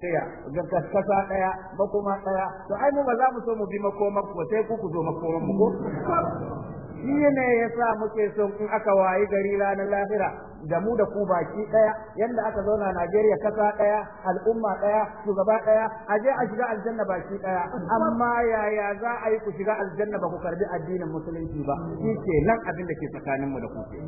tsaya ga kasa daya makoma daya to ai mu ba za mu so mu bi makomar ku sai ku ku zo makomar mu ko shi ne ya yasa muke so in aka wayi gari ranar lahira da mu da ku baki daya yanda aka zauna Najeriya kasa ɗaya, al'umma ɗaya, shugaba daya a je a shiga aljanna baki ɗaya. amma yaya za a yi ku shiga aljanna ba ku karbi addinin musulunci ba shi ke nan abin da ke tsakaninmu da ku ke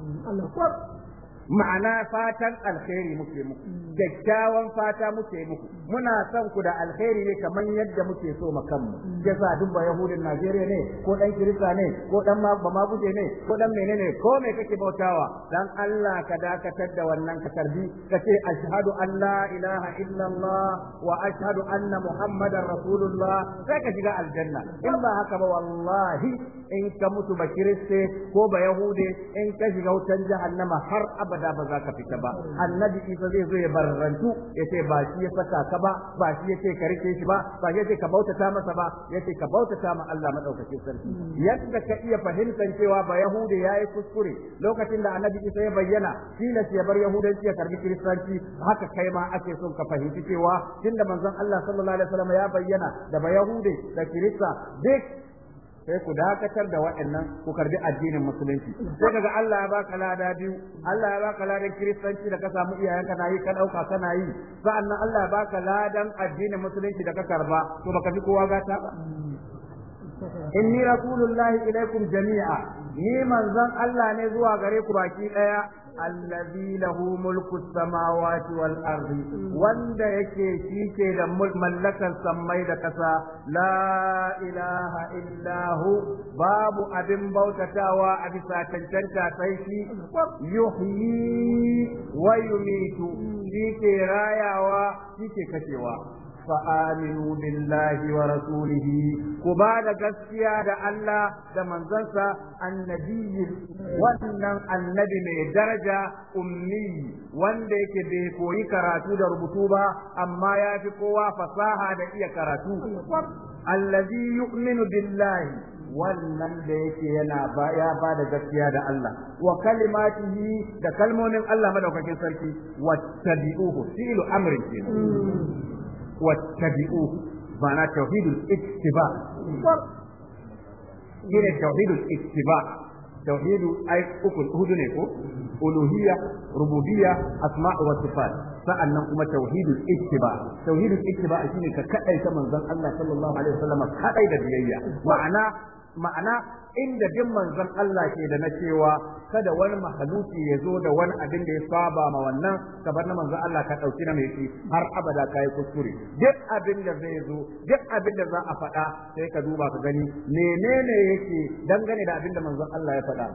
ma'ana fatan alkhairi muke muku kyakkyawan fata muke muku muna son ku da alkhairi ne kamar yadda muke so mu kanmu yasa duk ba yahudin Najeriya ne ko dan kirista ne ko dan ba ne ko dan menene ko me kake bautawa dan Allah ka dakatar da wannan ka tarbi ashhadu an la ilaha illallah wa ashhadu anna muhammadar rasulullah sai ka shiga aljanna in ba haka ba wallahi in ka mutu ba kiriste ko ba yahude in ka shiga wutan jahannama har abada ba za ka fita ba annabi isa zai zo ya barrantu ya ce ba shi ya saka ka ba ba shi ya ce ka rike shi ba ba shi ya ce ka bautata masa ba ya ce ka bautata ma Allah madaukakin sarki yadda ka iya fahimtar cewa ba yahude yayi kuskure lokacin da annabi isa ya bayyana shi tilas ya bar yahudanci ya karbi kiristanci haka kai ma ake son ka fahimci cewa tunda manzon Allah sallallahu alaihi wasallam ya bayyana da ba yahude da kirista duk sai ku dakatar da waɗannan ku karbi addinin musulunci sai kaga Allah ya baka lada biyu Allah ya baka ladan kiristanci da ka samu iyayen na yi ka dauka kana yi sa'annan Allah ya baka ladan addinin musulunci da ka karba to baka fi kowa gata ba inni rasulullahi ilaikum jami'a ni manzon Allah ne zuwa gare ku baki daya allazi lahu mulku samawati wal ardi wanda yake shi ke da mallakar sammai da ƙasa, la ilaha illahu babu abin bautatawa a bisa cancanta sai shi yuhyi wa yumitu shi ke rayawa shi ke kashewa فآمنوا ku ba da gaskiya da Allah da منزلسا النبي ونن annabi من daraja ummi, wanda yake bai koyi karatu da rubutu ba amma ya fi kowa fasaha da iya karatu allazi yu'minu billahi wannan da yake yana ba ya ba da gaskiya da Allah wa kalimatihi da kalmomin Allah madaukakin sarki wattabi'uhu fi'lu amrin kenan wattabi'u ma'ana tauhidul ittiba shine tauhidul ittiba tauhidu ai uku hudu ne ko uluhiyya rububiyya asma'u wa sifat sa'annan kuma tauhidul ittiba tauhidul ittiba shine ka kadai ta manzon Allah sallallahu alaihi wasallam da biyayya ma'ana ma'ana inda bin manzon Allah ke da na cewa kada wani mahaluki ya zo da wani abin da ya saba ma wannan bar na manzon Allah ka dauki na mai har abada kai kuskure duk abin da zai zo duk abin da za a faɗa sai ka duba ka gani menene yake dangane da abin da manzon Allah ya faɗa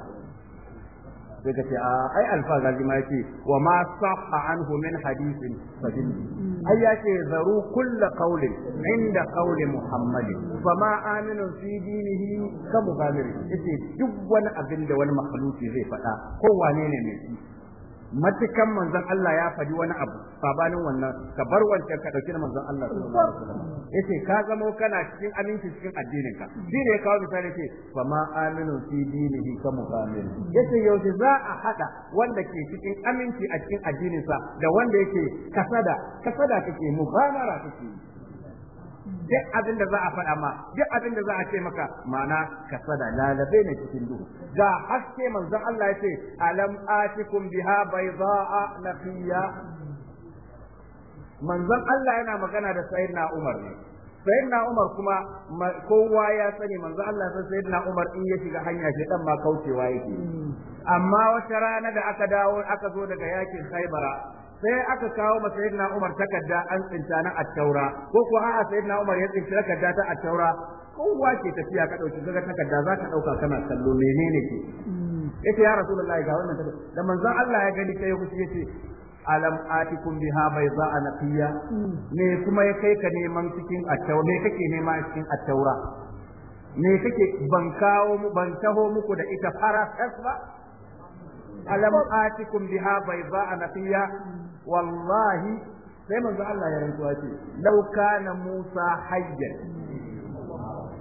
sai ka ce a ah, ai alfaza ma yake wa ma sahha anhu min hadithin sabil mm. ai yake zaru kullu qawlin inda qawli muhammad fa ma aminu fi dinihi ka mughamir yace duk wani abin da wani makhluki zai faɗa ko wane ne ne matukan manzon Allah ya faɗi wani abu sabanin wannan ka bar wancan ka dauki manzon Allah yace ka zama kana cikin aminci cikin addinin ka dire ya kawo misali ce fa ma aminu fi dinihi ka mu'min yace yaushe za a hada wanda ke cikin aminci a cikin addinin sa da wanda yake kasada kasada kake mubamara kake duk abin da za a faɗa ma duk abin da za a ce maka ma'ana ka sada lalabe ne cikin duhu ga haske manzon Allah ya ce alam atikum biha bayda'a nafiya manzon Allah yana magana da sayyidina Umar ne sayyidina Umar kuma kowa ya sani manzon Allah sai sayyidina Umar in ya shiga hanya shi dan ma kaucewa yake hmm. amma wata rana da aka dawo aka zo daga yakin Khaibara sai aka kawo masa yadda Umar takarda an tsinta na Attaura, ko ko a'a yadda Umar ya tsinta takarda ta Attaura, kowa ke tafiya ka dauki daga takarda za ka ɗauka kana kallo menene ke yace ya rasulullahi ga wannan takarda da manzon Allah ya gani sai ya kuce yace alam atikum biha bayza anaqiya ne kuma ya kai ka neman cikin Attaura? taura me kake nema cikin Attaura? me kake ban kawo ban taho muku da ita fara ba alam atikum biha bayza anaqiya wallahi sai manzo Allah ya rantsuwa ce law kana Musa hayyan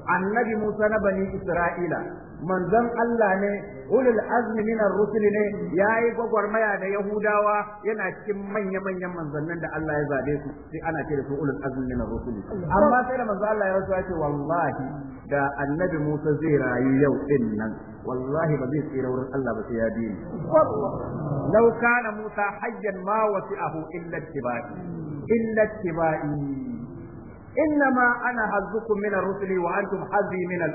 annabi Musa na bani Isra'ila manzon Allah ne ulul azmi min ar-rusul ne yayi gwagwarmaya da yahudawa yana cikin manya manyan manzannin da Allah ya zabe su sai ana ce da su ulul azmi min ar-rusul amma sai da manzon Allah ya rasu ya ce wallahi da annabi Musa zai rayu yau din nan wallahi ba zai tsira wurin Allah ba sai ya bi ni law kana Musa hajjan ma wasi'ahu illa ittiba'i illa ittiba'i innama ana hazzukum min ar wa antum hazzi min al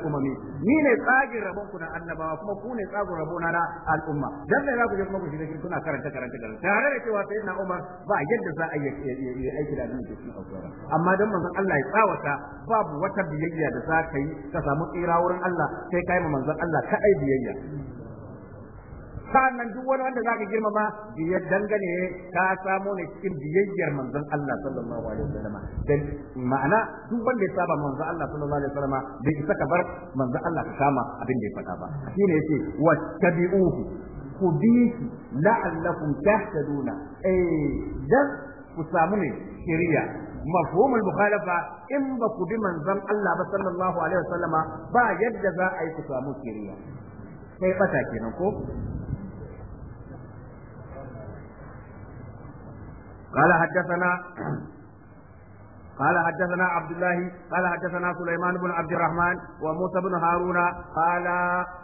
ni ne tsagin rabon ku na annabawa kuma ku ne tsarin rabona na al'umma dan da za ku je kuma ku shiga cikin kuna karanta karanta karanta tare da cewa sayyidina Umar ba yadda za a yi aiki da abin da ke amma dan manzon Allah ya tsawata babu wata biyayya da za ka yi ka samu tsira wurin Allah sai kai ma manzon Allah kadai biyayya sannan duk wani wanda za ka girmama biyar dangane ta samu ne cikin biyayyar manzon Allah sallallahu alaihi wasallam dan ma'ana duk wanda ya saba manzon Allah sallallahu alaihi wa sallama bai isa ka bar manzon Allah ka kama abin da ya faɗa ba shine yace wattabi'uhu ku bi shi la'allakum tahtaduna eh dan ku samu ne shari'a مفهوم المخالفة إن بكو بمن زم الله صلى الله عليه وسلم با يد ذا أي كتامو كيريا كيف تاكينكو قال حدثنا قال حدثنا عبد الله قال حدثنا سليمان بن عبد الرحمن وموسى بن هارون قال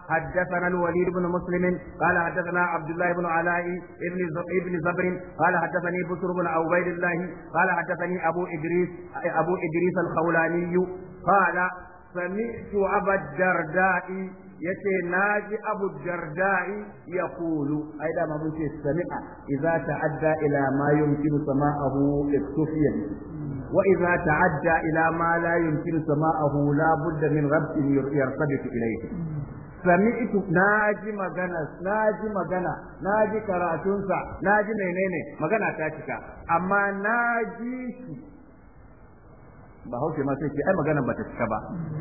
حدثنا الوليد بن مسلم قال حدثنا عبد الله بن علاء ابن ابن زبر قال حدثني بشر بن عبيد الله قال حدثني ابو ادريس ابو ادريس الخولاني قال سمعت ابا الدرداء yace naji abu jarda'i ya kulu ai da mun ce sami'a idza ta'adda ila ma yumkinu sama'ahu iktufiya wa idza ta'adda ila ma la yumkinu sama'ahu la budda min rabbin yartaditu ilayhi sami'tu naji magana naji magana naji karatunsa naji menene magana ta cika amma naji shi ba hauke ma sai ce ai magana ba ta cika ba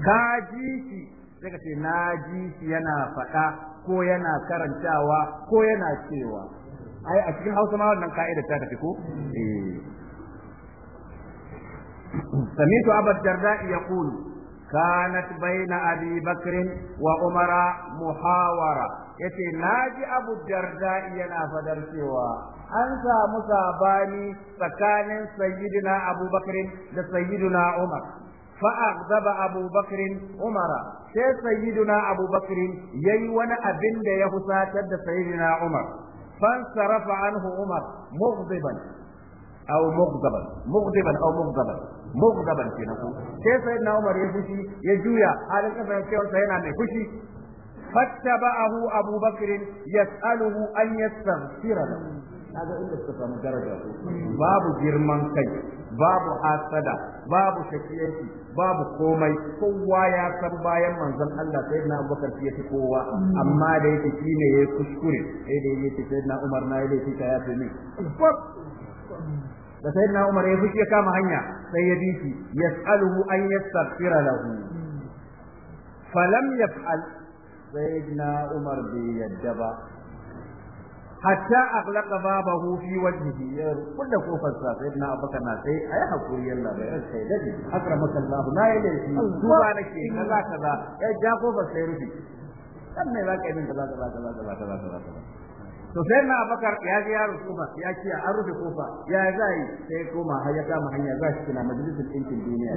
ka ji shi sai ka ce na ji yana faɗa ko yana karantawa ko yana cewa ai a cikin hausa ma wannan ka'ida ta tafi ko سمعت أبا الدرداء يقول كانت بين wa Umara Muhawara محاورة يتي ناجي أبو الدرداء yana فدر cewa an samu sabani tsakanin sayyidina abubakar da sayyidina umar zaba abubakar umara sai sayyiduna abu abubakar yayi wani abin da ya husatar da sayyiduna umar fan sarafa anhu umar mughdiban aw mughdaban mughdiban aw mughdaban mughdaban kenan ko sai sayyiduna umar ya fushi ya juya halin ce sa yana mai fushi fattaba'ahu abubakar yas'aluhu an yastaghfira lahu kaga inda suka samu daraja ko babu girman kai babu hasada babu shakiyanci babu komai kowa ya san bayan manzon Allah sai na Abubakar ya fi kowa amma da yake shine ya kuskure sai da yake sai na Umar na ya shi ya fi ni da sai na Umar ya fushi kama hanya sai ya bi shi yas'aluhu an yastaghfira lahu falam yaf'al sai na Umar bai yadda ba hatta aghlaqa babahu fi wajhihi ya kulla kofar sa sai na abaka na sai ayi hakuri yalla bai sai dadi akramaka Allah na yi da duba nake kaza kaza ya ja kofar sai rufi kan mai zaka kaza kaza kaza kaza kaza kaza to sai na abakar ya ji yaro kofa ya ce an rufe kofa ya zai sai koma har ya kama hanya za shi kina majalisar ɗinkin duniya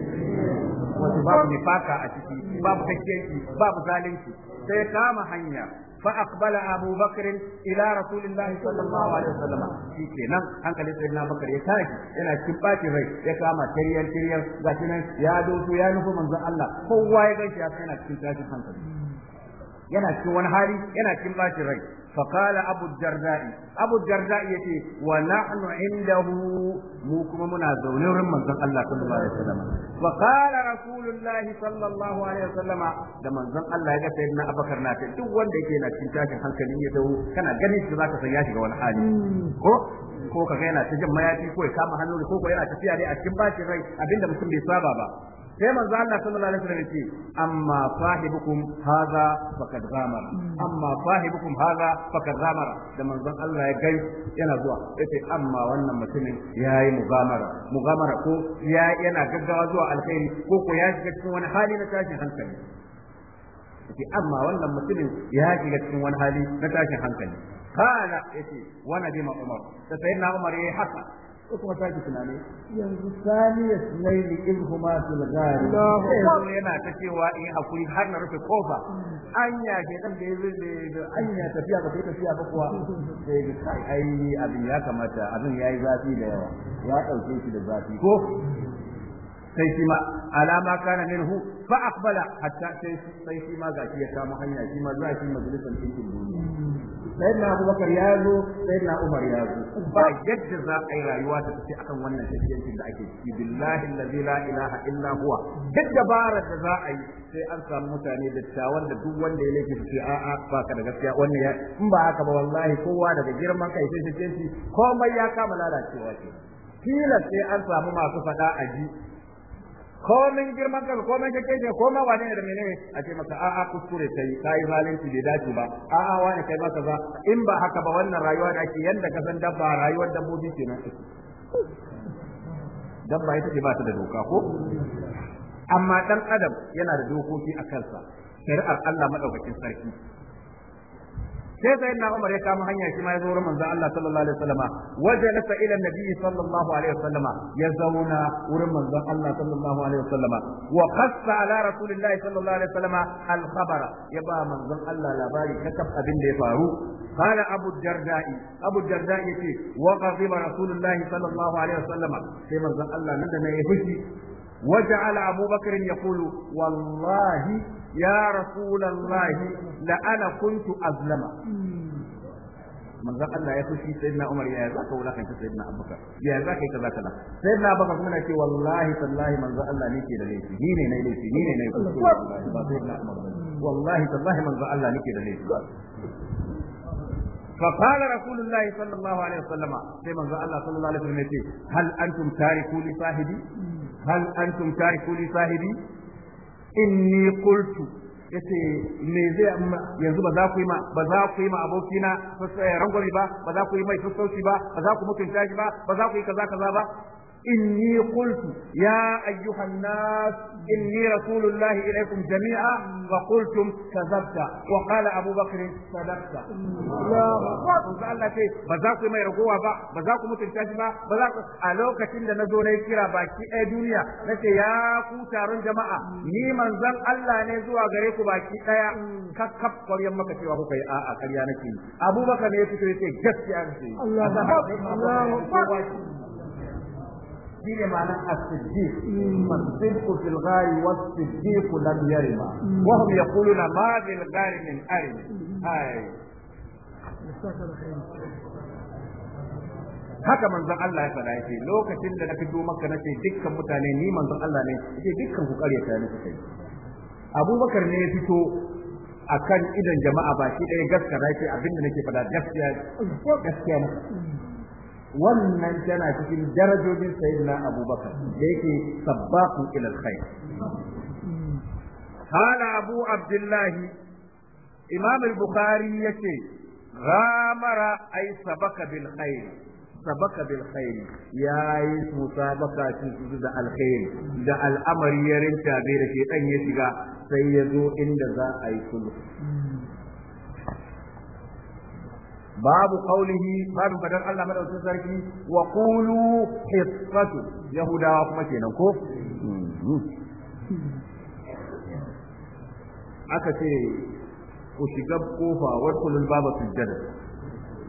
wato babu nifaka a ciki babu kakkenci babu zalunci sai kama hanya فأقبل أبو بكر إلى رسول الله صلى الله عليه وسلم في كنا أن قال سيدنا بكر يتاج أنا شباك ري يكاما تريان تريان لكن يا دوسو يا نفو من الله هو يغيش يا سيدنا شباك حنقل yana cikin wani hali yana cikin bacin rai فقال أبو الدرداء أبو الدرداء يتي ونحن عنده موكم منا زونر من زن الله صلى الله عليه وسلم فقال رسول الله صلى الله عليه وسلم da manzon Allah ya ga sayyidina Abubakar na duk wanda yake na cikin tashin hankali ya dawo kana ganin shi zaka san ya shiga wani hali ko kaga yana ta jin mayafi ko ya kama hannu ko ko yana tafiya da a cikin rai abinda mutum bai saba ba sai manzo Allah sallallahu alaihi wasallam ce amma sahibukum haza faqad zamara hmm. amma sahibukum haza faqad zamara da manzo Allah ya gai yana zuwa yace amma wannan mutumin yayi mugamara mugamara ko ya yana gaggawa zuwa alkhairi ko ko ya shiga cikin wani hali na tashin hankali yace amma wannan mutumin ya shiga cikin wani hali na tashin hankali kana yace wa ma Umar sai sayyidina Umar yayi haka ko kuma sake tunani yanzu sunai ne in huma fil gari eh. yana ta cewa in hakuri har na rufe kofa anya ke dan da yazo da anya tafiya ba ta tafiya ba kuwa sai da kai ai abin ya kamata abin yayi zafi da yawa ya dauke shi da zafi ko sai shi ma alama kana minhu fa aqbala hatta sai sai shi ma gashi ya kama hanya shi ma zafi majalisar cikin duniya sayyidina abubakar ya zo sayyidina umar ya zo ba yadda za a yi rayuwa ta tafi akan wannan tafiyancin da ake ciki billahi allazi la ilaha illa huwa duk dabarar da za a yi sai an samu mutane da dattawan da duk wanda ya laifi su a'a ba ka da gaskiya wannan ya in ba haka ba wallahi kowa daga girman kai sai tafiyanci komai ya kama lalacewa ke kila sai an samu masu fada a ji komin girman kanka komai kake ne ko wane da menene a ce maka a'a kuskure kai kai zalunci bai dace ba a'a wani kai maka ba in ba haka ba wannan rayuwa da ake yanda ka san dabba rayuwar dabbobi kenan dabba ita ce ba ta da doka ko amma dan adam yana da dokoki a kansa shari'ar Allah madaukakin sarki sai sai na Umar ya kama hanya shi ma ya zo wurin manzon Allah sallallahu alaihi wasallama wajalasa ila nabi sallallahu alaihi wasallama ya zauna wurin manzon Allah sallallahu alaihi wasallama wa qassa ala rasulillahi sallallahu alaihi wasallama al khabara ya ba manzon Allah labari kakab abin da ya faru قال أبو الدرداء أبو الدرداء يقول وغضب رسول الله صلى الله عليه وسلم في منزل الله ندنا يهشي وجعل أبو بكر يقول والله يا رسول الله لأنا كنت أظلم manzon Allah ya fushi sayyidina Umar ya zaka wulakanta sayyidina Abubakar ya zaka yi kaza kaza sayyidina Abubakar kuma na ce wallahi tallahi manzon Allah ne ke da laifi ni ne nayi laifi ni ne nayi kuskure ba sayyidina wallahi Allah ke da laifi فقال رسول الله صلى الله عليه وسلم سيما الله صلى الله عليه وسلم هل أنتم تاركوا لصاحبي hal antum tariku li sahibi inni qultu yace me zai yanzu ba za ku yi ma ba za ku yi ma abokina ba ba za ku yi mai sassauci ba ba za ku mutunta shi ba ba za ku yi kaza kaza ba إني قلت يا أيها الناس إني رسول الله إليكم جميعا وقلتم كذبت وقال أبو بكر صدقت الله الله ce ba za ku yi mai ragowa ba ba za ku mutunta shi ba ba za ku a lokacin da na zo na yi kira baki ɗaya duniya na ce ya ku taron jama'a ni manzon Allah ne zuwa gare ku baki ɗaya kakkaf kwaryan maka cewa a'a karya nake abubakar ne ya fito ya ce gaskiya shi ne ma'ana as-siddiq as-siddiq fil wasu was-siddiq lam yarima wa hum yaquluna ma bil ghari min arim haka manzon Allah ya faɗa yake lokacin da na fito maka ce dukkan mutane ni manzon Allah ne yake dukkan ku ƙarya ta ne kai Abubakar ne ya fito akan idan jama'a ba shi ɗaya gaskata yake abinda nake faɗa gaskiya gaskiya ne wannan tana cikin darajojin sayyidina abubakar da yake sabbaqu ila alkhair قال أبو عبد الله Bukhari البخاري ramara غامر sabaka bil khair sabaka bil khairi yayi musabaka cikin da alkhairi da al'amari ya bai da shi dan ya shiga sai ya zo inda za a yi sulhu babu qaulihi babu fadar Allah madaukakin sarki wa qulu hifatu yahudawa kuma kenan ko hmm. aka ce ku shiga kofa wadkulul baba sujjada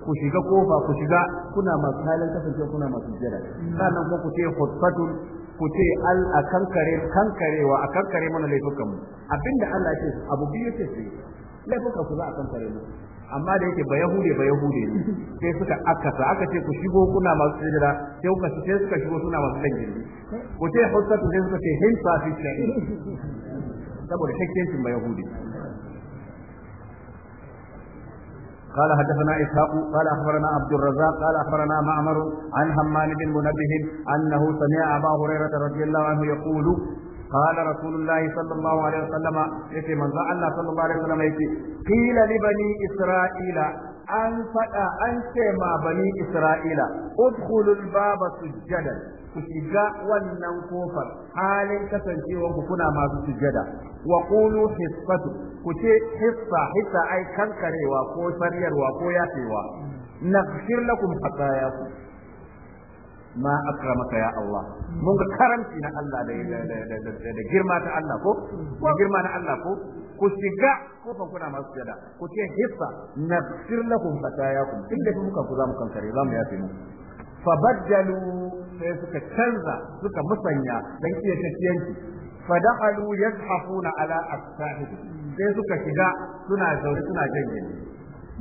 ku shiga kofa ku shiga kuna masu halin kasance kuna masu sujjada sannan kuma ku ce hutfatun ku ce al a kankare kankarewa a kankare mana laifukan abinda Allah ce abu biyu ce laifukan ku za a kankare mu amma da yake ba yahude ba yahude ne sai suka akasa aka ce ku shigo kuna masu hijira sai kuka sai suka shigo suna masu kan jirgi ku ce hausa to zai suka ce hin sa fi sha'i saboda shakkencin ba yahude قال حدثنا إسحاق قال أخبرنا عبد الرزاق قال أخبرنا معمر عن همان بن منبه أنه سمع أبا هريرة رضي الله عنه يقول قال رسول الله صلى الله عليه وسلم يكي من الله صلى الله عليه وسلم يكي قيل لبني إسرائيل أن فتا أن ما بني إسرائيل ادخلوا الباب سجدا كشجاء والنوكوفا حال كسنجي وكفنا ما سجدا وقولوا حصة كشي حصة حصة أي كنكري وكو سرير وكو ياتي نغفر لكم حتى خطاياكم ma akramaka ya Allah mun ga karanci na Allah da da girma ta Allah ko girma na Allah ko ku shiga ku na masu jada ku ce hissa nafsir lakum fatayakum inda muka ku za mu kankare za mu yafe Fa fabaddalu sai suka canza suka musanya dan iya tafiyanci fadahalu yazhafuna ala asahib sai suka shiga suna zaune suna janye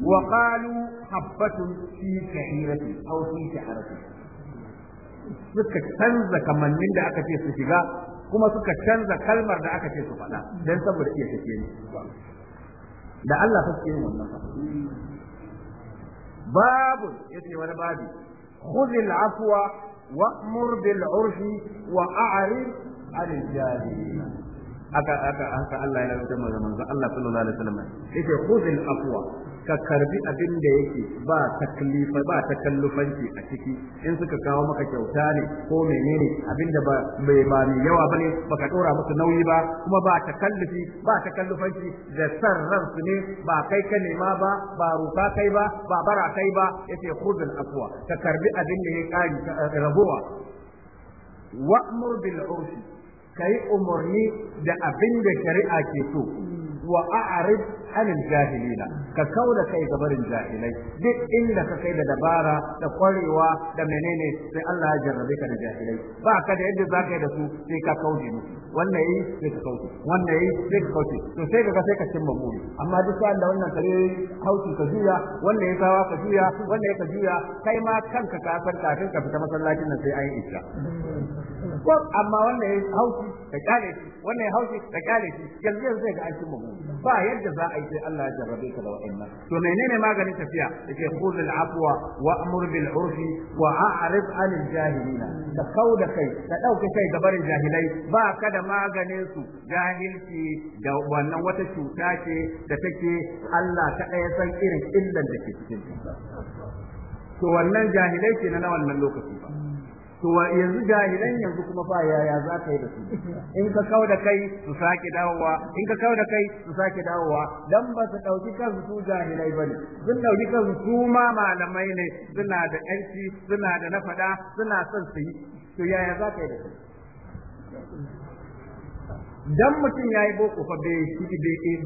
wa qalu habbatun fi sha'irati aw fi sha'arati suka canza kamannin da aka ce su shiga kuma suka canza kalmar da aka ce su faɗa don saboda iya take ne da Allah ta suke wannan babu yace wani babu khudhil afwa wa'mur bil urfi wa a'rid 'anil jahilin aka aka haka Allah ya rubuta manzo manzo Allah sallallahu alaihi wasallam yace khudhil afwa ka karbi abin da yake ba taklifa ba takallufanci a ciki in suka kawo maka kyauta ne ko menene abin da ba bai ba mai yawa bane baka dora musu nauyi ba kuma ba takallufi ba takallufanci da san ransu ne ba kai ka nema ba ba ruka kai ba ba bara kai ba yace khudhil aqwa ka karbi abin da ya kari rabuwa wa'mur bil urfi Ka yi umarni da abin da shari'a ke so wa a'rid anil jahilina ka kauda kai barin jahilai duk inda ka kai da dabara da kwarewa da menene sai Allah ya jarrabe ka da jahilai ba ka da yadda za ka yi da su sai ka kauce mu wannan yi sai ka kauce wannan yi sai ka kauce to sai ka sai ka cimma buri amma duk sai Allah wannan kare kauce ka juya wannan ya tawa ka juya wannan ya ka juya kai ma kanka ka san kafin ka fita masallacin nan sai an yi isha amma wannan ya haushi da kyale shi wannan ya haushi da kyale shi yanzu zai ga aikin mu ba yadda za a yi sai Allah ya jarrabe ka da wa'annan to menene maganin tafiya yake khudh al-afwa wa amur bil urfi wa a'rid 'anil jahilina da da kai da dauke kai gabarin jahilai ba ka da maganin su jahilci da wannan wata cuta ce da take Allah ta ɗaya san irin illan da ke cikin to wannan jahilai ke na wannan lokaci to yanzu jahilan yanzu kuma fa yaya za ka yi da su in ka kau da kai su sake dawowa in ka kau da kai su sake dawowa dan ba su dauki kansu su jahilai bane sun dauki kansu su ma malamai ne suna da yanci suna da na fada suna son su yi to yaya za ka yi da su dan mutum ya yi boko fa bai shi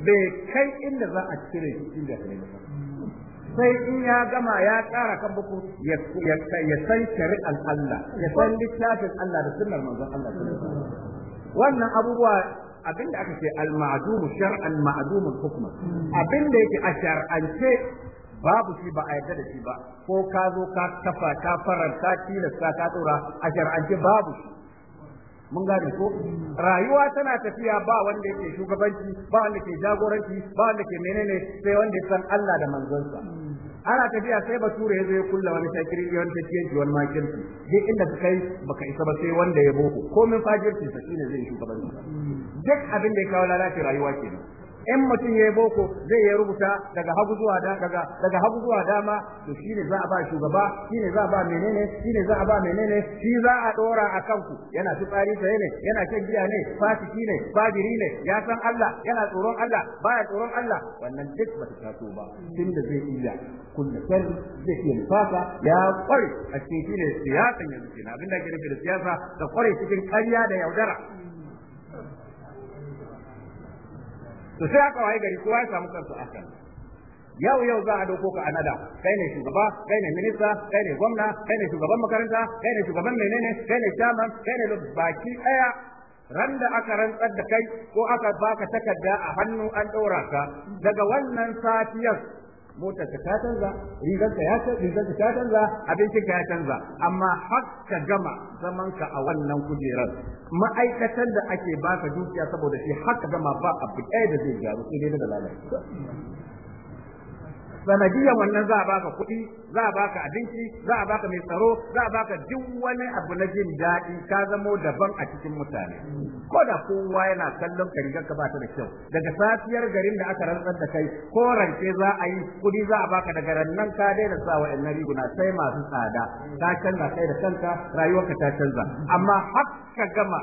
bai kai inda za a cire shi da kai sai in ya gama ya tsara kan buku ya san shari'ar Allah ya san littafin Allah da sunnar manzon Allah wannan abubuwa abinda aka ce al-ma'dum shar'an ma'dum hukma abinda yake a shar'ance babu shi ba a yarda da shi ba ko ka zo ka kafa ka faranta tilasta ka dora a shar'ance babu shi mun gane ko rayuwa tana tafiya ba wanda yake shugabanci ba wanda ke jagoranci ba wanda ke menene sai wanda ya san Allah da sa. ana tafiya sai bature ya zo ya kulla wani shakiri wani ji wani su, duk inda su kai ka isa ba sai wanda ya boko komin fajirci sa shine zai shugabanci duk abin da ya kawo lalace rayuwa kenan in mutum ya yi boko zai ya rubuta daga hagu zuwa da daga daga dama to shine za a ba shugaba shine za a ba menene shine za a ba menene shi za a dora a kanku yana fitsari sai ne yana kan giya ne fasiki ne fajiri ne ya san Allah yana tsoron Allah baya tsoron Allah wannan duk bata taso ba da zai iya kulle da ke iya ya kware a cikin shi ne ne yanzu na abinda ke da siyasa da kware cikin karya da yaudara to sai aka waye gari kowa ya samu kansa kan yau yau za a dauko ka anada kai ne shugaba kai ne minista kai ne gwamna kai ne shugaban makaranta kai ne shugaban menene kai ne chairman kai ne baki daya ran da aka rantsar da kai ko aka baka takarda a hannu an ɗora ka daga wannan safiyar. motar ta canza rigar ka ya canza rigar ta canza abincin ka ya canza amma har gama zaman ka a wannan kujerar ma'aikatan da ake baka dukiya saboda shi har ka gama ba abu ɗaya da zai gyaru sai dai da lalacewa sanadiyan wannan za a baka kuɗi za a baka abinci za a baka mai tsaro za a baka duk wani abu na jin daɗi ka zamo daban a cikin mutane ko da kowa yana kallon ka ka ba da kyau daga safiyar garin da aka rantsar da kai ko rance za a yi kuɗi za a baka daga rannan ka daina sa wa wa'annan riguna sai masu tsada ka canza kai da kanka rayuwarka ta canza amma har ka gama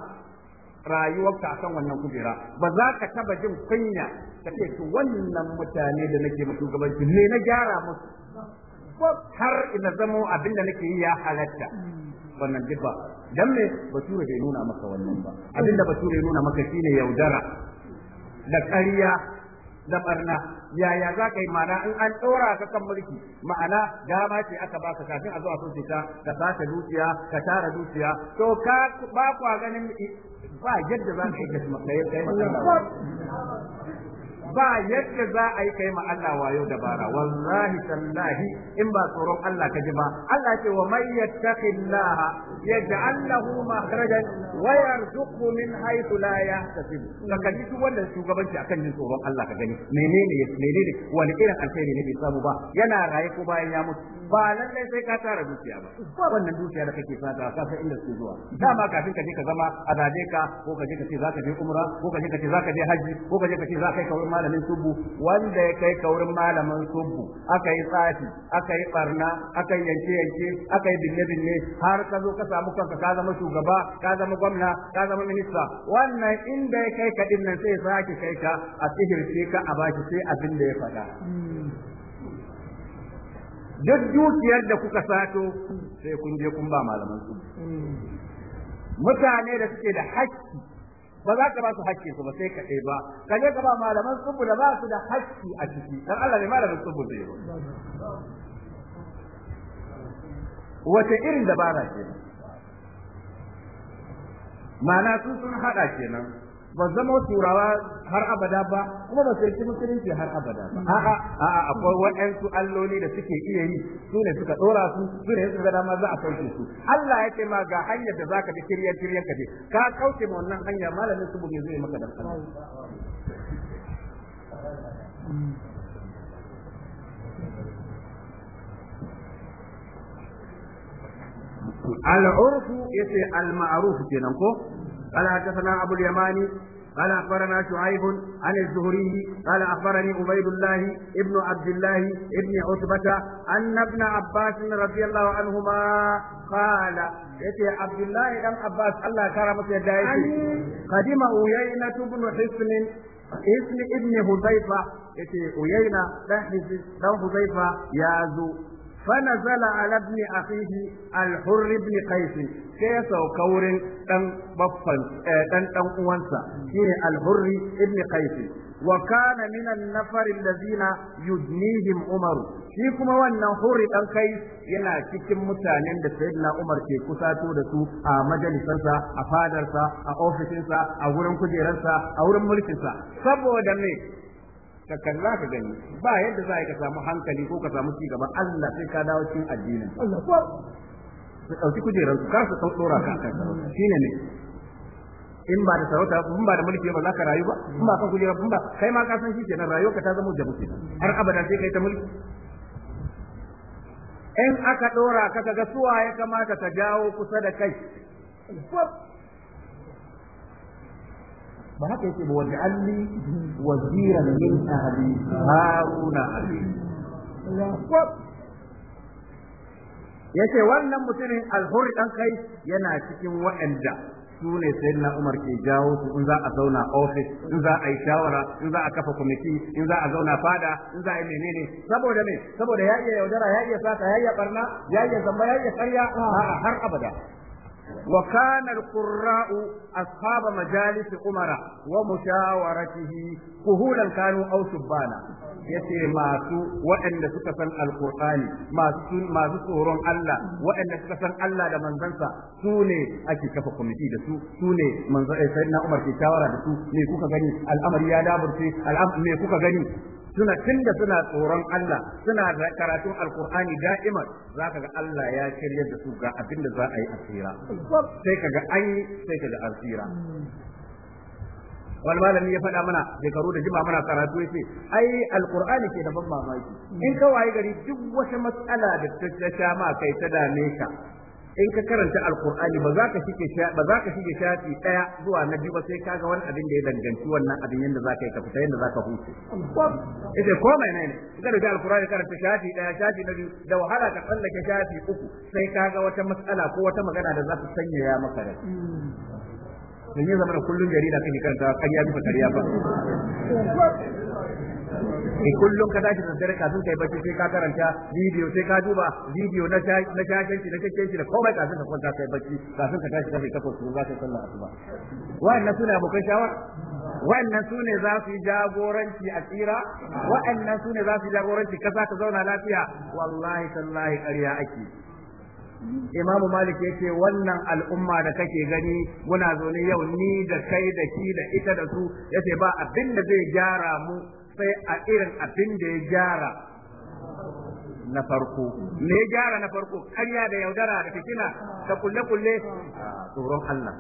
rayuwarka akan wannan kujera ba za ka taba jin kunya ka ce to wannan mutane da nake musu shugabanci ne na gyara musu har ina zamo abin da nake yi ya halatta wannan duk ba dan me bature bai nuna maka wannan ba abinda bature nuna maka shine yaudara da ƙarya da barna yaya za ka yi mana in an ɗora ka kan mulki ma'ana dama ce aka baka kafin a zo a ta ka sace dukiya ka tara dukiya to ka ba kwa ganin ba yadda za a yi kai ma Allah ba yadda za a yi kai ma Allah wayo dabara wallahi tallahi in ba tsoron Allah ka ji ba Allah ce wa may yattaqillaha yaj'al lahu makhrajan wa yarzuqhu min haythu la yahtasib ka kaji duk wannan shugabanci akan yin tsoron Allah ka gani menene menene wani irin alheri ne bai samu ba yana rayu ko bayan ya mutu ba lallai sai ka tara dukiya ba ba wannan dukiya da kake fata ka san inda suke zuwa dama kafin ka je ka zama a zaje ka ko ka je ka ce zaka je umra ko ka je ka ce zaka je haji ko ka je ka ce zaka kai kaurin malamin subu wanda ya kai kaurin malamin subu aka yi tsafi aka yi barna aka yi yanke yanke aka yi binne binne har ka zo ka samu kanka ka zama shugaba ka zama gwamna ka zama minista wannan inda ya kai ka din nan sai sake kai ka a sihirce ka a baki sai abin da ya faɗa hmm. duk dukiyar da kuka sato sai kun je kun ba malaman su mutane da suke da hakki ba za ka ba su hakki su ba sai ka ba ka je ka ba malaman su da ba su da hakki a ciki dan Allah ne malamin su zai yi wace irin dabara kenan ma'ana su sun hada kenan ba zama turawa har abada ba kuma ba musulunci har abada ba a'a a'a akwai waɗansu alloli da suke iya yi su ne suka dora su su ne suka dama za a kauce su Allah ya ce ma ga hanyar da zaka bi kirya kiryan ka je ka kauce ma wannan hanya malamin su buge zai maka dan al'urfu yace al-ma'ruf kenan ko قال حدثنا أبو اليماني قال أخبرنا شعيب عن الزهري قال أخبرني عبيد الله ابن عبد الله ابن عتبة أن ابن عباس رضي الله عنهما قال يتي عبد الله بن عباس الله كرمه يدايتي قدم أويينة بن حسن اسم ابن حذيفة yace uyaina dan dan huzaifa ya zo فنزل على ابن أخيه الحر بن قيس كيف كور تن بفن تن تن أونسا الحر بن قيس وكان من النفر الذين يدنيهم عمر shi kuma wannan hori ɗan kai yana cikin mutanen da sayyidina Umar ke kusato da su a majalisarsa a fadarsa a ofishinsa a wurin kujerarsa a wurin mulkinsa saboda me ka kalla ka gani ba yadda za ka samu hankali ko ka samu ci gaba Allah sai ka dawo cikin addinin Allah ko su dauki kujeran su kar su sau dora ka kan shine ne in ba da sarauta in ba da mulki ba za ka rayu ba in ba ka kujera ba kai ma ka san shi kenan ka ta zama jabu har abada sai kai ta mulki in aka dora ka ga suwa ya kamata ta jawo kusa da kai ba haka yake ba waj'alni waziran min ahli haruna ce wannan mutumin alhuri ɗan kai yana cikin wa'anda su ne na Umar ke jawo su in za a zauna office in za a yi shawara in za a kafa kwamiti in za a zauna fada in za a yi menene saboda me saboda ya iya yaudara ya iya sata ya iya barna ya iya zamba ya iya karya a'a har abada وكان القراء أصحاب مجالس أمراء ومشاورته كهولا كانوا أو شبانا yace masu waɗanda suka san alkur'ani masu masu tsoron Allah waɗanda suka san Allah da manzansa su ne ake kafa kwamiti da su su ne manzan sai na Umar ke shawara da su me kuka gani al'amari ya daburce al'amari me kuka gani suna tunda suna tsoron Allah suna da karatun alkur'ani da'ima za ka ga Allah ya shirya da su ga abin za a yi asira sai ka ga sai ka ga asira wani malami ya faɗa mana shekaru da jima mana karatu ya ce ai alkur'ani ke da ban mamaki in ka gari duk wata matsala da ta sha ma kai ta dame ka in ka karanta alkur'ani ba za ka shige ba za ka shige shafi daya zuwa na biyu ba sai ka ga wani abin da ya danganci wannan abin yanda za ka yi ka fita yanda za ka huce ita ko mai ne ka rubuta alkur'ani karanta shafi daya shafi na biyu da wahala ka tsallake shafi uku sai ka ga wata matsala ko wata magana da za ta sanyaya maka rai dan ya zama kullun jarida kake karanta kariya ya bi fa kariya ba in kullum ka tashi da dare kafin kai bacci sai ka karanta bidiyo sai ka duba bidiyo na na shakenci na shakenci da komai kafin ka kwanta kai bacci kafin ka tashi kafin kafin za ka sallar asuba wa'annan sune abokan shawar wa'annan sune za su yi jagoranci a tsira wa'annan sune za su yi jagoranci kasa ka zauna lafiya wallahi tallahi ƙarya ake Imam Malik ya ce wannan al'umma da kake gani muna zaune yau ni da kai da ki da ita da su yace ba abin da zai gyara mu sai a irin abin da ya gyara na farko me ya gyara na farko karya da yaudara da fitina da kulle kulle tsoron Allah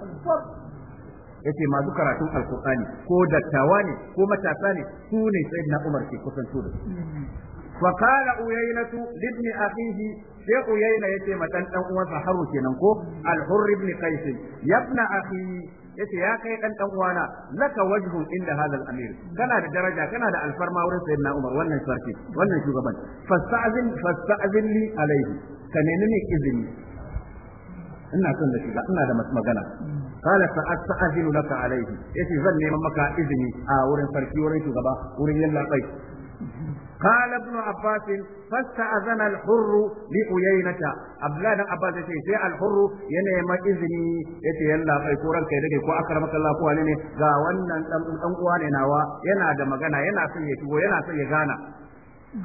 yace masu karatun alkur'ani ko dattawa ne ko matasa ne su ne sayyidina Umar ke kusanto da su وقال أيينة لابن أخيه شيخ أيينة يتي متن أن أوسى kenan ko الحر بن قيس يا ابن أخي yace ya kai dan dan uwana laka wajhun inda hadal amir kana da daraja kana da alfarma wurin sayyidina Umar wannan sarki wannan shugaban fasta'zin fasta'zin li alaihi ka nemi ne izini ina son da shiga ina da magana kala fa asta'zinu laka alaihi yace zan neman maka izini a wurin sarki wurin shugaba wurin yallabai قال ابن عباس فاستأذن الحر لعيينة عبد الله بن عباس يقول سي الحر يني ما إذني يتي يلا في Ya كاي كو اكرمك الله كو ne ga wannan dan dan uwa ne nawa yana da magana yana son ya shigo yana son ya gana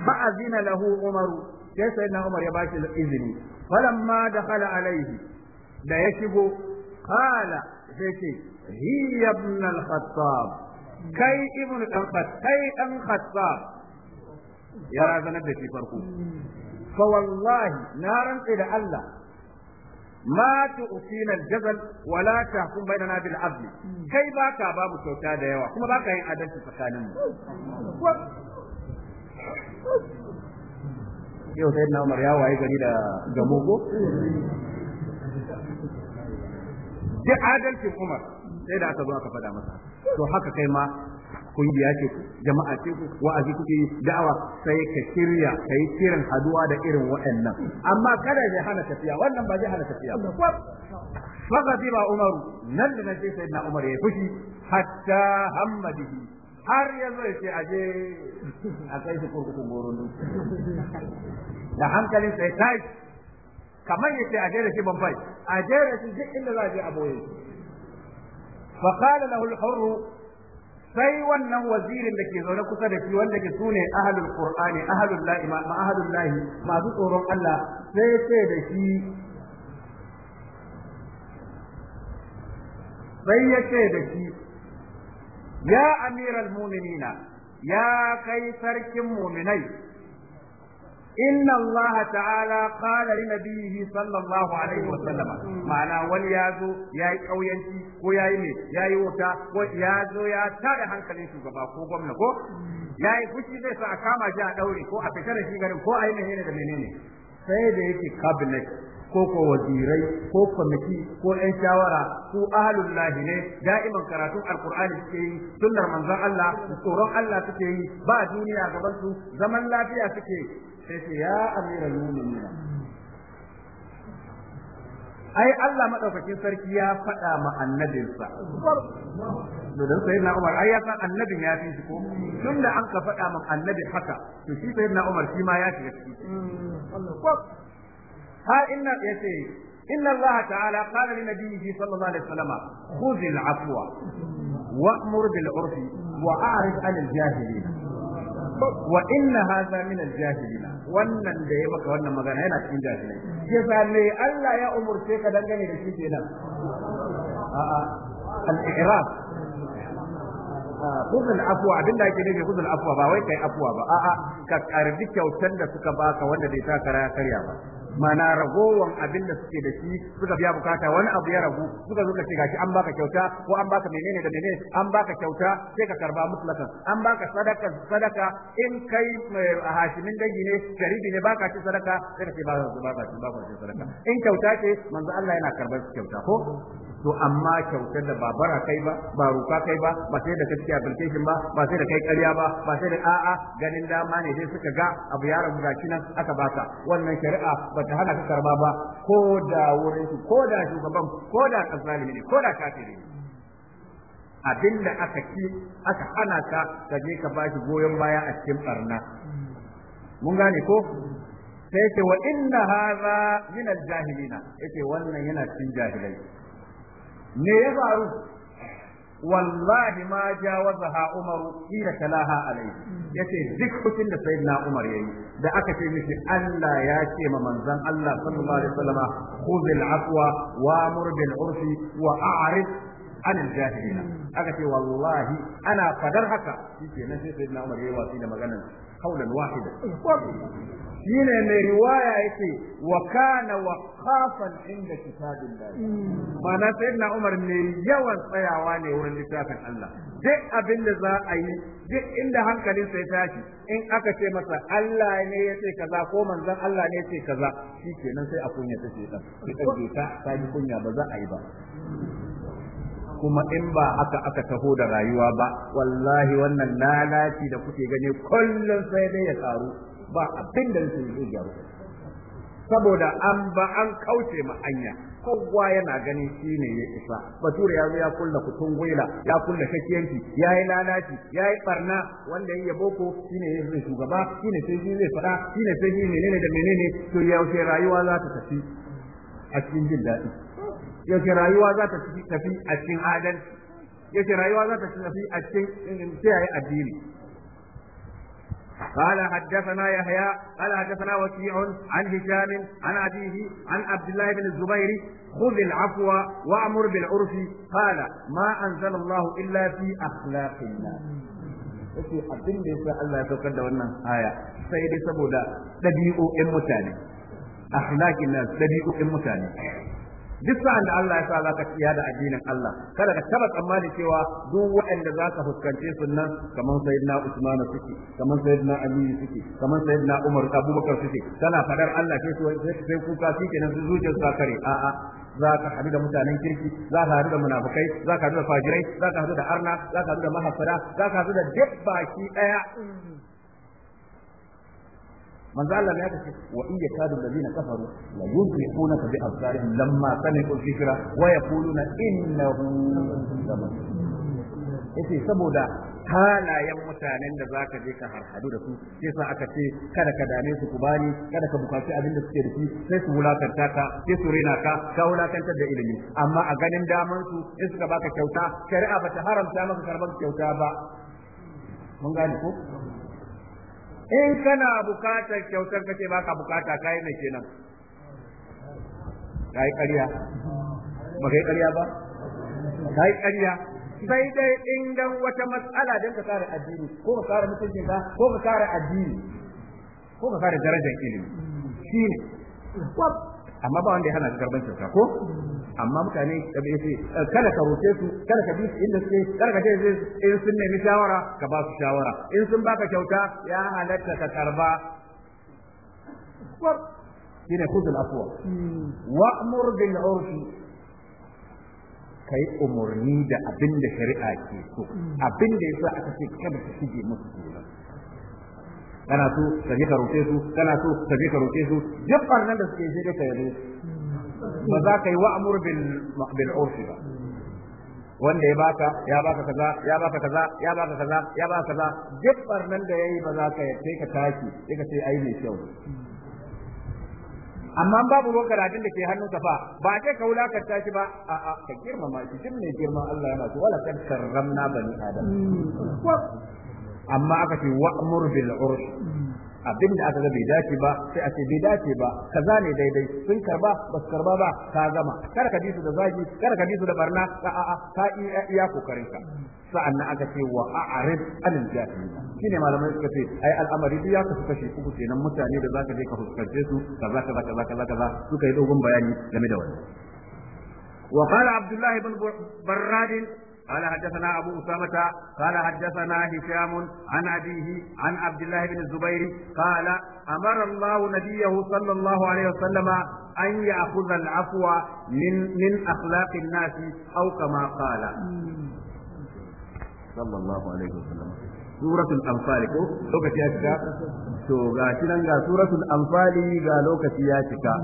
fa'azina lahu umaru sai na umar ya bashi izini falamma dakhala alaihi da ya shigo qala sai ce ibn al kai ibn al ɗan khattab ya razanar da shi farko hmm. fa wallahi na rantsa da Allah ma tu'tina al-jazal wa la tahkum bainana bil adl hmm. kai baka babu kyauta da yawa kuma baka yin adalci tsakanin mu yau sai na Umar ya waye gari da Gamogo. da adalcin Umar sai da aka zo aka faɗa masa to haka kai ma kungiya ce ku jama'a ce ku wa'azi kuke da'awa sai ka shirya ka yi kiran haduwa da irin waɗannan amma kada ya hana tafiya wannan ba zai hana tafiya ba فغضب umaru nan da nake sai na Umar ya fushi hatta hammadihi har ya zo ya ce aje a kai su kurkukun goron da hankalin sai tai kamar yace aje da shi bambai aje da shi duk inda za a je a boye lahu al الحر sai wannan wazirin da ke zaune kusa da shi wanda ke sune ahlul qur'ani ahlul ima ma ahlul lahi masu tsoron Allah sai ce da shi sai ya ce da shi ya amiral mu'minina ya kai sarkin mu'minai inna Allah ta'ala qala li nabiyhi sallallahu alaihi wa sallama ma'ana wani ya zo yayi kauyanci ko yayi ne wuta ko ya zo ya tada hankalin shugaba ko gwamna ko yayi fushi zai sa a kama shi a daure ko a fita da shi garin ko a yi menene da menene sai da yake cabinet ko ko wazirai ko kwamiti ko yan shawara ko ahlul ne da'iman karatun alkur'ani suke yi sunnar manzon Allah tsoron Allah suke yi ba duniya gaban su zaman lafiya suke sai ce ya amiral mu'minin ai Allah madaukakin sarki ya faɗa ma annabinsa don sai na Umar ai ya san annabin ya fi shi ko tunda an ka faɗa ma annabi haka to shi sai na Umar shi ma ya shiga ciki hmm. har inna yace inna Allah ta'ala qala li nabiyhi sallallahu alaihi wasallam khudh al-afwa wa'mur bil 'urfi wa a'rid 'anil jahilin wa inna hadha min al-jahilin wannan da ya maka wannan magana yana cikin jahilai yasa me Allah ya umurce ka dangane da shi kenan a'a al-i'rab khudhul afwa abin da ake nufi khudhul afwa ba wai kai afwa ba a'a ka karbi kyautar da suka baka wanda bai ta kara karya ba mana ragowan abin da suke da shi suka biya bukata wani abu ya ragu suka zo ka ce gashi an baka kyauta ko an baka menene da menene an baka kyauta sai ka karba mutlakan an baka sadaka sadaka in kai eh, hashimin dangi ne sharibi ne baka ci sadaka sai ka ce ba ba ci baka ci sadaka in kyauta ce manzo Allah yana karba kyauta ko to amma kyautar da babara kai ba ba ruka kai ba ba sai da kace application ba ba sai da kai ƙarya ba ba sai da a'a ganin dama ne sai suka ga abu ya ragu gashi nan aka baka wannan shari'a ba ta hana ka karba ba ko da wurin su ko da shugaban ko da kasali ne ko da kafiri ne abinda aka ki aka hana ka ka je ka bashi goyon baya a cikin barna mun gane ko sai ce wa inna hadha min al-jahilina yace wannan yana cikin jahilai me ya faru wallahi ma jawazaha umaru ila talaha alai yace duk hutun da sayyidina umar yayi da aka ce mishi Allah ya ce ma manzon Allah sallallahu alaihi wasallama khudhil afwa wa'mur bil urfi wa a'rid anil aka ce wallahi ana fadar haka shike nan sai sayyidina umar yayi wasi da maganar kaulan wahida shine mai riwaya yace wa kana waqafan inda kitabin Allah mana mm. na Umar ne yawan tsayawa ne wurin littafin Allah duk abin da za a yi duk inda hankalin sai tashi in aka ce masa Allah ne yace kaza ko manzon Allah ne yace kaza shikenan sai a kunya ta dan sai ta ta kunya ba za a yi ba kuma in ba aka aka taho da rayuwa ba wallahi wannan lalaci da kuke gani kullum sai dai ya karu ba abin da nake zai gyaru saboda an ba an kauce ma anya kowa yana ganin shi ne ya isa bature ya zo ya kulla kutun gwela ya kulla shakiyanci ya yi lalaci ya yi barna wanda ya boko shi ne ya zai shugaba shi ne sai shi zai fada shi ne sai shi menene da menene to yaushe rayuwa za ta tafi a cikin jin daɗi yaushe rayuwa za ta tafi a cikin adalci yaushe rayuwa za ta tafi a cikin kiyaye eh, eh, addini قال حدثنا يحيى قال حدثنا وكيع عن هشام عن أبيه عن عبد الله بن الزبير خذ العفو وأمر بالعرف قال ما أنزل الله إلا في أخلاق الناس yake abin da yasa Allah ya saukar da wannan aya sai dai saboda ɗabi'o'in mutane akhlaqin nas ɗabi'o'in mutane duk sa'an da Allah ya sa zaka tsiya da addinin Allah kada ka taba tsammani cewa duk waɗanda zaka fuskance su nan kamar sayyidina Usman suke kamar sayyidina Ali suke kamar sayyidina Umar Abubakar suke kana fadar Allah ke so sai kuka suke nan su zuciyar sa kare a a zaka hadu da mutanen kirki zaka hadu da munafikai zaka hadu da fajirai zaka hadu da arna zaka hadu da mahassada zaka hadu da duk baki daya manzo Allah ya ce wa in yakadu allazina kafaru la yunfiquna bi absarihim lamma sami'u dhikra wa yaquluna innahu yace saboda halayen mutanen da zaka je ka harhadu da su sai sa aka ce kada ka dame su ku bani, kada ka bukaci abin da suke da shi sai su wulakanta ka sai su rina ka ka wulakantar da ilimi amma a ganin daman su in suka baka kyauta shari'a bata haramta maka karban kyauta ba mun gane ko in kana bukatar kyautar kace baka bukata kai ne kenan kai ƙarya ba kai ƙarya ba kai ƙarya sai dai in dan wata matsala dan ka kare addini ko ka kare mutunci ka ko ka kare addini ko ka kare darajar ilimi shine amma ba wanda ya hana ka karban kyauta ko amma mutane da bai sai eh, kada ka roke su kada ka bi su inda suke kada ka je in sun nemi shawara ka ba su shawara in sun baka kyauta ya halatta ka karba shine khudul afwa hmm. wa'mur bil urfi kai umurni da abin da shari'a ke so hmm. abin da yasa aka ce kada ka shige musu gura kana so ka je ka roke su kana so ka je ka roke su duk nan da suke je ka yi ba za ka yi wa'mur bil bil urfi ba wanda ya baka ya baka kaza ya baka kaza ya baka kaza ya baka kaza duk barnan da yayi ba za ka yi sai ka tashi sai ka yi mai kyau amma babu ruwan karatun da ke hannunka fa ba ce ka wulakanta shi ba a a ka girmama shi duk mai girman Allah yana so wala kan karramna bani adam hmm. amma aka ce wa'mur bil urf abin da aka ga bai dace ba sai a ce bai dace ba kaza ne daidai sun karba ba su karba ba ka gama kar ka bi su da zagi kar ka bi su da barna ka a'a ka iya kokarin ka sa'an aka ce wa a'rid anil jahilin shine malamai suka ce ai al'amari duk ya kasu kashi uku kenan mutane da zaka je ka fuskance su kaza kaza kaza kaza kaza suka yi dogon bayani game da wannan وقال عبد الله بن براد قال حدثنا أبو أسامة قال حدثنا هشام عن أبيه عن عبد الله بن الزبير قال أمر الله نبيه صلى الله عليه وسلم أن يأخذ العفو من من أخلاق الناس أو كما قال صلى الله عليه وسلم سورة الأنفال لو to ga shi nan ga suratul anfali ga lokaci ya cika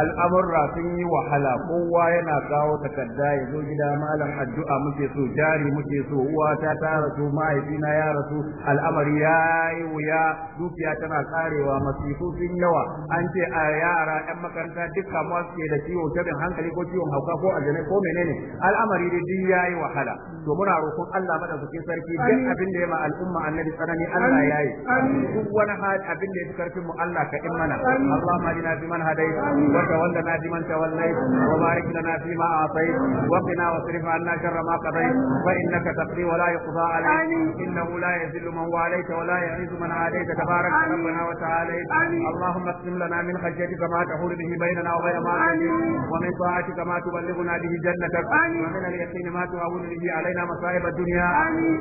al'amurra sun yi wahala kowa yana kawo takarda ya zo gida malam addu'a muke so jari muke so uwa ta ta rasu mahaifina ya rasu al'amari ya yi wuya dukiya tana karewa masifu sun yawa an ce a yara yan makaranta duk masu ke da ciwo tabin hankali ko ciwon hauka ko aljanai ko menene al'amari dai duk ya yi wahala to muna roƙon Allah madaukakin sarki duk abin da ya ma al'umma annabi tsanani Allah ya yi duk wani hali abin da ya fi karfin mu Allah ka in mana Allahumma adina fi man hadayt wa na fi man tawallayt wa barik lana fi ma atayt wa qina wasrif anna sharra ma qadayt fa innaka taqdi wa la yuqda alayk innahu la yazillu man walayt wa la yu'izzu man adayt tabarak rabbana wa ta'ala Allahumma aqsim lana min khashyatika ma tahulu bihi bainana wa bayna ma wa min ta'atika ma تبلغنا به جنتك ومن اليقين ما تعول به علينا مصائب الدنيا آمين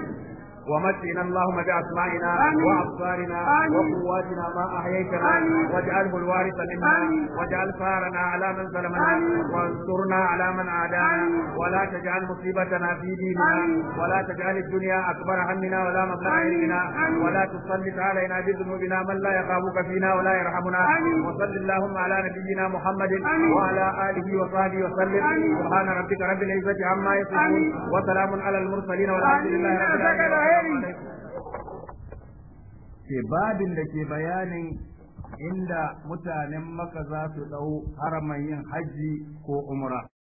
ومتنا اللهم بأسمائنا وأبصارنا وقواتنا ما أحييتنا واجعله الوارث منا واجعل ثارنا على من ظلمنا وانصرنا على من عادانا ولا تجعل مصيبتنا في ديننا ولا تجعل الدنيا أكبر همنا ولا مبلغ علمنا ولا تسلط علينا بذنوبنا من لا يخافك فينا ولا يرحمنا وصل اللهم على نبينا محمد وعلى آله وصحبه وسلم سبحان ربك رب العزة عما يصفون وسلام على المرسلين والحمد لله رب العالمين alheri ke babin da ke bayanin inda mutanen maka za su ɗau haramin yin hajji ko umra